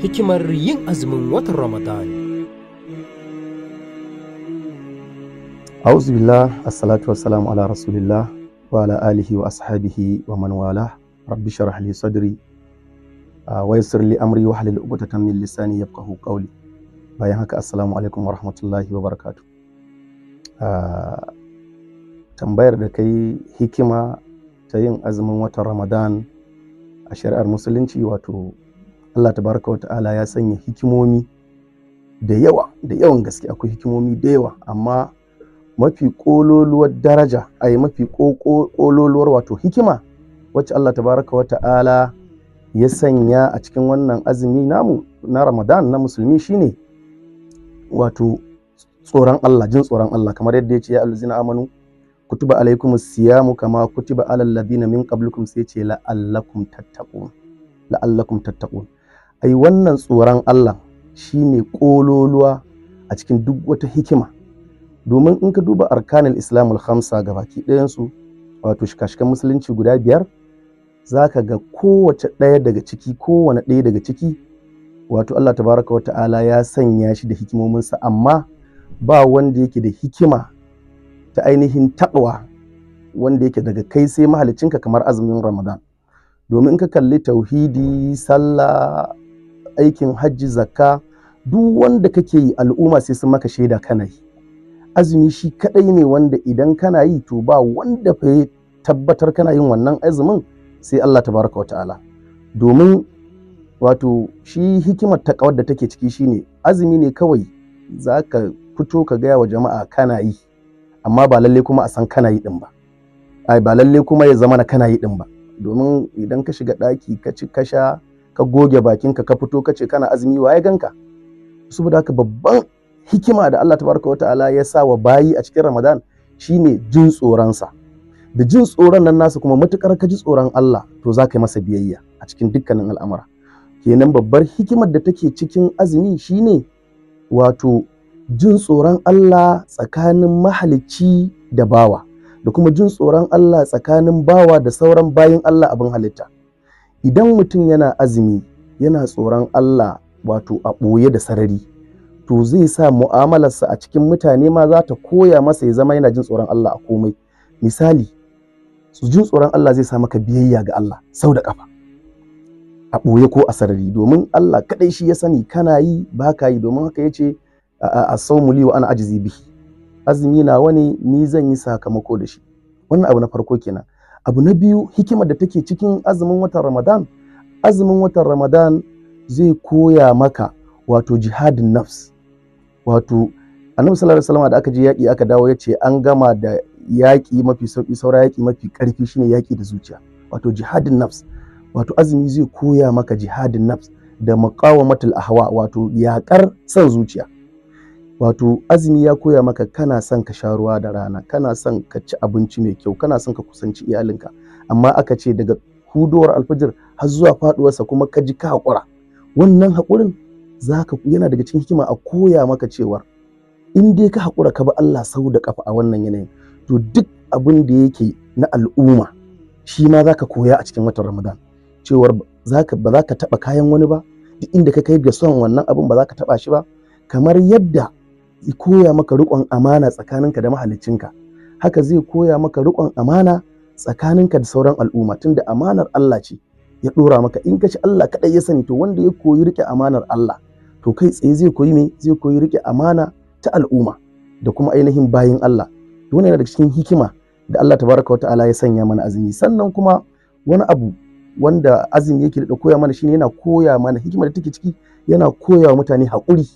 hikimar yin azumin watan Ramadan. Auzubillah, assalatu wassalamu ala rasulillah wa ala alihi wa ashabihi wa man wala rabbi sharah li sadri ah, wa yassir li amri wa halil uqdatan min lisani yafqahu qawli bayan haka assalamu alaikum wa rahmatullahi wa barakatuh ah, tambayar da kai hikima ta yin azumin watan Ramadan a shari'ar musulunci wato Allah tabaraka wata'ala ya sanya hikimomi da yawa da yawan gaske akwai hikimomi da yawa amma mafi kololuwar daraja ai mafi kololuwar wato hikima wacce Allah tabaraka ta'ala ya sanya a cikin wannan azumi namu na Ramadan na musulmi shine wato tsoron Allah jin tsoron Allah kamar yadda ya ce ya alzina amanu kutuba alaikum siyamu kama kutuba alal ladina min qablukum sai ce la'allakum tattaqun la'allakum tattaqun ai wannan tsoron Allah shi ne ƙololuwa a cikin duk wata hikima domin in ka duba arkanin islamul khamsa ga baki ɗayansu wato shikashikan musulunci guda biyar za ka ga kowace ɗaya daga ciki kowane ɗaya daga ciki wato Allah tabaraka wa ta'ala ya sanya shi da hikimominsa amma ba wanda yake da hikima ta ainihin taɓawa wanda yake daga kai sai mahalicinka kamar azumin ramadan domin in ka kalli tauhidi sallah aikin hajji zakka duk wanda kake yi al'umma sai sun maka shaida kana yi azumi shi kadai ne wanda idan kana yi to ba wanda fa tabbatar kana yin wannan azumin sai Allah tabaraka wa ta'ala domin wato shi hikimar kawar da take ciki shine azumi ne kawai zaka fito ka gaya wa jama'a kana yi amma ba lalle kuma a san kana yi din ba ai ba lalle kuma ya zama na kana yi din ba domin idan ka shiga daki ka ci ka sha ka goge bakinka ka fito ka ce kana azumi waye ganka saboda haka babban hikima da Allah tabaraka wa ta'ala ya sa wa bayi a cikin Ramadan shine jin tsoronsa da jin tsoron nan nasa kuma matukar ka ji tsoron Allah to za ka yi masa biyayya a cikin dukkanin al'amura kenan babbar hikimar da take cikin azumi shine wato jin tsoron Allah tsakanin mahalicci da bawa da kuma jin tsoron Allah tsakanin bawa da sauran bayin Allah abin halitta idan mutum yana azumi yana tsoron Allah wato a ɓoye da sarari to zai sa mu'amalarsa a cikin mutane ma za ta koya masa ya zama yana jin tsoron Allah a komai misali su jin tsoron Allah zai sa maka biyayya ga Allah sau da kafa a ɓoye ko a sarari domin Allah kaɗai shi ya sani kana yi ba ka yi domin haka ya ce a saumu wa ana ajizi bihi azumi nawa ne ni zan yi sakamako da shi wannan abu na farko kenan abu na biyu hikimar da take cikin azumin watan ramadan azumin watan ramadan zai koya maka wato jihadin nafs wato annabi sallallahu alaihi da aka je yaƙi aka dawo ya ce an gama da yaƙi mafi sauƙi saura yaƙi mafi ƙarfi shine yaƙi da zuciya wato jihadin nafs wato azumi zai koya maka jihadin nafs da maqawamatul ahwa wato yaƙar son zuciya wato azumi ya koya maka kana son ka sha ruwa da rana kana son ka ci abinci mai kyau kana son ka kusanci iyalinka amma aka ce daga hudowar alfajir har zuwa faduwarsa kuma ka ji ka haƙura wannan haƙurin zaka yana daga cikin hikima a koya maka cewa in dai ka haƙura ka bi Allah sau da kafa a wannan yanayin to duk abin da yake na al'umma shi ma zaka koya a cikin watan Ramadan cewar zaka ba za ka taɓa kayan wani ba duk inda ka kai ga son wannan abin ba za ka taɓa shi ba kamar yadda I koya maka riƙon amana tsakaninka da mahaliccinka haka zai koya maka riƙon amana tsakaninka da sauran al'umma tunda amanar Allah ce ya ɗora maka in ka ci Allah kaɗai ya sani to wanda ya koyi riƙe amanar Allah to kai tsaye zai koyi me zai koyi riƙe amana ta al'umma da kuma ainihin bayin Allah to yana daga cikin hikima da Allah tabaraka wata'ala ya sanya mana azumi sannan kuma wani abu wanda azumi yake da koya mana shine yana koya mana hikima da take ciki yana koyawa mutane haƙuri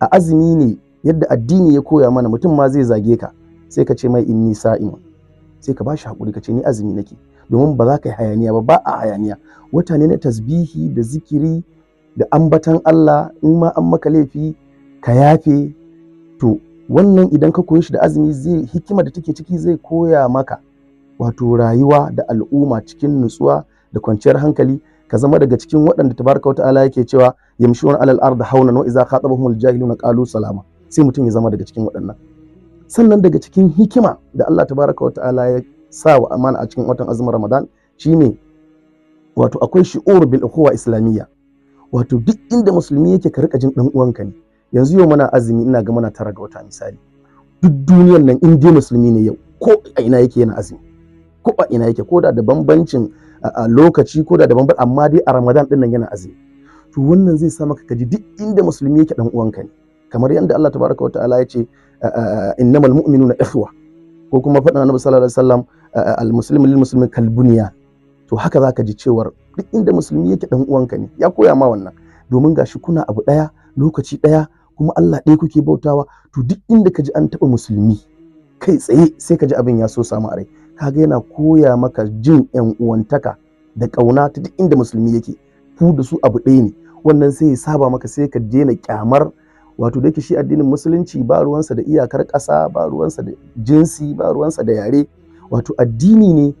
a azumi ne yadda addini ya koya mana mutum ma zai zage ka sai ka ce mai inni sa'im sai ka bashi hakuri ka ce ni azumi nake domin ba za ka yi hayaniya ba ba a hayaniya wata ne na tasbihi da zikiri da ambatan Allah in ma an maka laifi ka yafe to wannan idan ka koyi shi da azumi zai hikima da take ciki zai koya maka wato rayuwa da al'umma cikin nutsuwa da kwanciyar hankali ka zama daga cikin waɗanda tabaraka wa ta'ala yake cewa wani alal ardi hauna wa iza khatabahumul jahiluna qalu salama sai mutum ya zama daga cikin waɗannan sannan daga cikin hikima da Allah tabaraka wa ta'ala ya sa wa amana a cikin watan azumin Ramadan shine wato akwai shi'ur bil ukhuwa islamiyya wato duk inda musulmi yake ka rika jin dan uwanka ne yanzu yau muna azumi ina ga muna tara ga wata misali duk duniyar nan in musulmi ne yau ko a ina yake yana azumi ko a ina yake ko da da bambancin a lokaci ko da da bambancin amma dai a Ramadan din nan yana azumi to wannan zai sa maka ji duk inda musulmi yake dan uwanka ne kamar yadda Allah tabaraka wa ta'ala ya ce innamal mu'minuna ikhwa ko kuma faɗin annabi sallallahu alaihi wasallam al muslimu lil muslimi kal to haka zaka ji cewar duk inda musulmi yake dan uwanka ne ya koya ma wannan domin gashi kuna abu daya lokaci daya kuma Allah ɗaya kuke bautawa to duk inda ka ji an taɓa musulmi kai tsaye sai ka ji abin ya so samu a kaga yana koya maka jin yan uwantaka da ƙauna ta duk inda musulmi yake ku da su abu ɗaya ne wannan sai ya saba maka sai ka daina kyamar wato da yake shi addinin musulunci ba ruwansa da iyakar ƙasa ba ruwansa da jinsi ba ruwansa da yare wato addini ne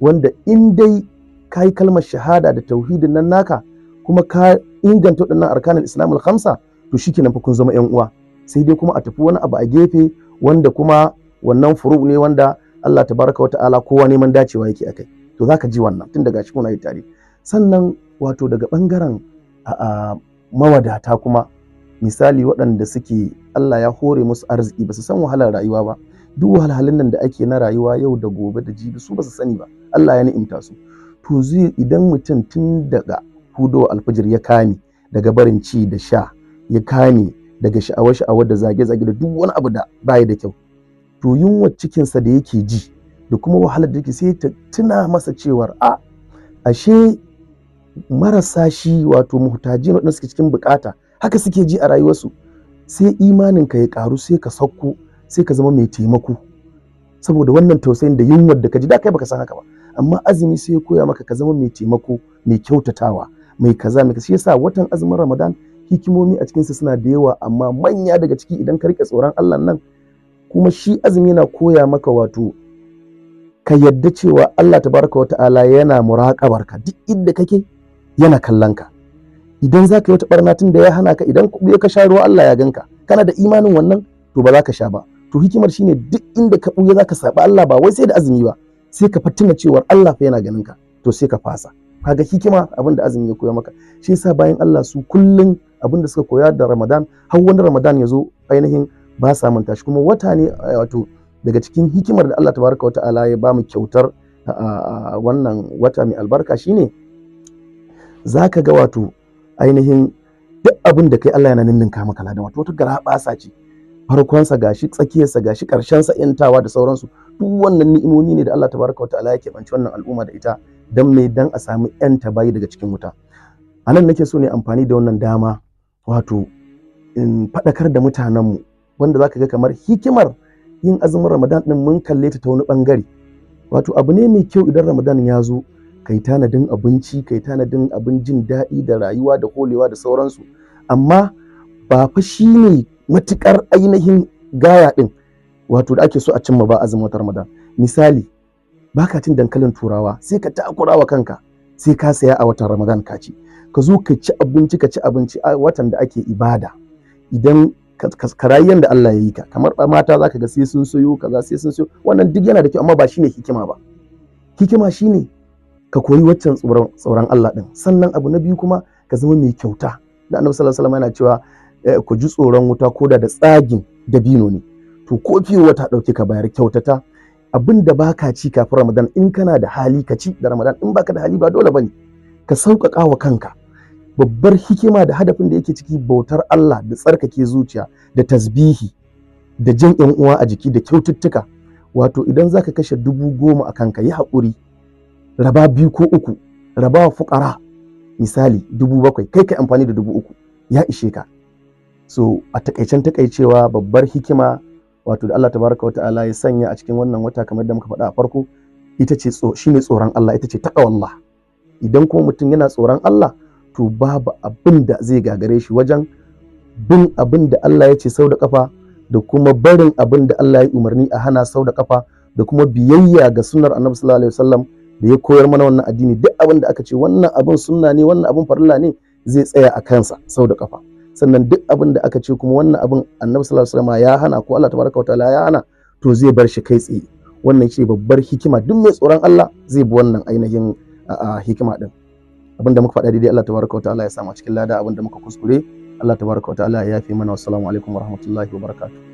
wanda in dai ka yi kalmar shahada da tauhidin nan naka kuma ka inganta waɗannan arkanin islamul khamsa to shi kenan fa kun zama yan uwa sai dai kuma a tafi wani abu a gefe wanda kuma wannan furu ne wanda Allah tabaraka wa ta'ala kowa neman dacewa yake akai to zaka ji wannan tun daga cikin kuna yi tare sannan wato daga bangaren mawadata kuma misali waɗanda suke Allah ya hore musu arziki ba su san wahalar rayuwa ba duk wahalhalun nan da ake na rayuwa yau da gobe da jibi su ba su sani ba Allah ya ni'imta su to zai idan mutum tun daga hudo alfajir ya kame daga barin ci da sha ya kame daga sha'awar sha'awar da zage zage da duk wani abu da baya da kyau to yunwar cikinsa da yake ji da kuma wahalar da yake sai ta tuna masa cewar a ashe marasa shi wato muhtajin waɗanda suke cikin bukata haka suke ji a rayuwarsu sai imanin ka ya karu sai ka sauko sai ka zama mai taimako saboda wannan tausayin da yunwar da ka ji da kai baka san haka ba amma azumi sai ya koya maka ka zama mai taimako mai kyautatawa mai kaza mai shi yasa watan azumin Ramadan hikimomi a cikinsa suna da yawa amma manya daga ciki idan ka rike tsoron Allah nan kuma shi azumi yana koya maka wato ka yadda cewa Allah tabaraka wa ta'ala yana muraƙabarka duk inda kake yana kallon ka idan za ka yi wata barna tun da ya hana ka idan ya ka sha ruwa Allah ya ganka kana da imanin wannan to ba za ka sha ba to hikimar shine duk inda ka buya za ka saba Allah ba wai sai da azumi ba sai ka fatina cewar Allah fa yana ganin ka to sai ka fasa kaga hikima abin da azumi ya koya maka shi yasa bayan Allah su kullun abin da suka koya da Ramadan har wani Ramadan ya zo ainihin ba sa manta shi kuma wata ne eh, wato daga cikin hikimar da Allah tabaraka wa ta'ala ya mu kyautar wannan wata mai albarka shine zaka ga wato ainihin duk abin da kai Allah yana ninninka maka ladan wato wata gara basa ce farkonsa gashi tsakiyarsa gashi sa, yantawa da sauransu duk wannan ni'imomi ne da Allah tabaraka wataala yake banci wannan al'umma da ita dan me dan a samu yanta bayi daga cikin wuta anan nake so ne amfani da wannan dama wato in faɗakar da mutanenmu wanda zaka ga kamar hikimar yin azumin Ramadan din mun kalle ta ta wani bangare wato abu ne mai kyau idan Ramadan ya zo kai tanadin abinci kai tanadin abin jin daɗi da rayuwa da kolewa da sauransu amma ba fa shi ne matuƙar ainihin gaya ɗin wato da ake so a cimma ba azumin wata ramadan misali baka cin dankalin turawa sai ka takura wa kanka sai ka saya a watan ramadan ka ci ka zo ka ci abinci ka ci abinci a watan da ake ibada idan karayyan da Allah ya yi ka kamar mata zaka ga sai sun soyo kaza sai sun soyo wannan duk yana da kyau amma ba shine hikima ba hikima shine ka koyi waccan tsoron Allah ɗin, sannan abu na biyu kuma ka zama mai kyauta da annabi sallallahu alaihi yana cewa eh, ku ji tsoron wuta koda da tsagin dabino ne to ko fiye wata dauke ka bayar kyautata abin da baka ci kafin Ramadan in kana da hali ka ci da Ramadan in baka da hali ba dole bane ka sauƙaƙa wa kanka babbar hikima da hadafin da yake ciki bautar Allah da tsarkake zuciya da tasbihi da jan yan uwa a jiki da kyaututtuka wato idan zaka kashe dubu goma a kanka yi haƙuri raba biyu ko uku raba wa fukara misali dubu bakwai kai ka amfani da dubu uku ya ishe ka so a takaicen takaicewa babbar hikima wato da Allah tabaraka wa ta'ala ya sanya a cikin wannan wata kamar da muka faɗa a farko ita ce shine tsoron Allah ita ce taqwallah idan kuma mutum yana tsoron Allah to babu abin da zai gagare shi wajen bin abin da Allah ya ce sau da kafa da kuma barin abin da Allah ya umarni a hana sau da kafa da kuma biyayya ga sunnar Annabi sallallahu alaihi wasallam da ya koyar mana wannan addini duk abin da aka ce wannan abin sunna ne wannan abin farilla ne zai tsaya a kansa sau da kafa sannan duk abin da aka ce kuma wannan abin annabi sallallahu alaihi wasallam ya hana ko Allah tabaraka wa ta'ala ya hana to zai bar shi kai tsaye wannan ce babbar hikima duk mai tsoron Allah zai bi wannan ainihin hikima din Abinda muka faɗa daidai Allah tabaraka wa ta'ala ya samu cikin lada abinda da muka kuskure Allah tabaraka wa ta'ala ya yafe mana wassalamu alaikum warahmatullahi wabarakatuh